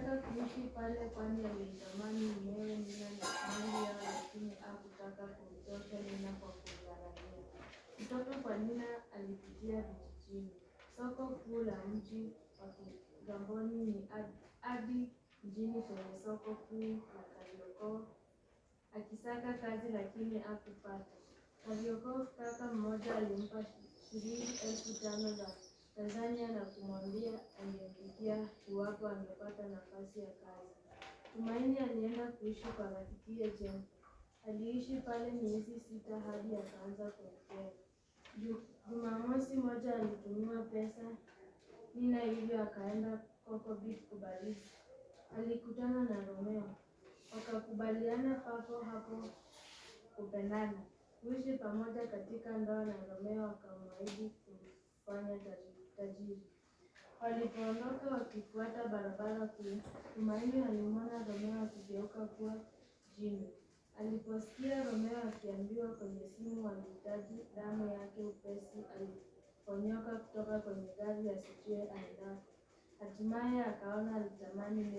Alipata kuishi pale kwani aliitamani mwenyewe nina na mali yao lakini hakutaka kumtosha Nina kwa kumgharamia. Kutoka kwa Nina alipitia vijijini, soko kuu la mji wa Kigamboni ni hadi mjini kwenye soko kuu la kariokoo akisaka kazi lakini hakupata. kariokoo kaka mmoja alimpa shilingi elfu tano za Tanzania na kumwambia angemfikia iwapo angepata nafasi ya kazi. Tumaini alienda kuishi kwa rafiki Jane. Aliishi pale miezi sita hadi akaanza kuongea. Jumamosi moja alitumiwa pesa Nina hivyo akaenda Kokobit kubariki. Alikutana na Romeo. Wakakubaliana papo hapo kupendana. Kuishi pamoja katika ndoa na Romeo akamwahidi kufanya tajiri tajiri. Walipoondoka wakifuata barabara kuu, Tumaini alimwona Romeo akigeuka kuwa jini. Aliposikia Romeo akiambiwa kwenye simu wanahitaji damu yake upesi, aliponyoka kutoka kwenye gari asijue aendako. Hatimaye akaona alitamani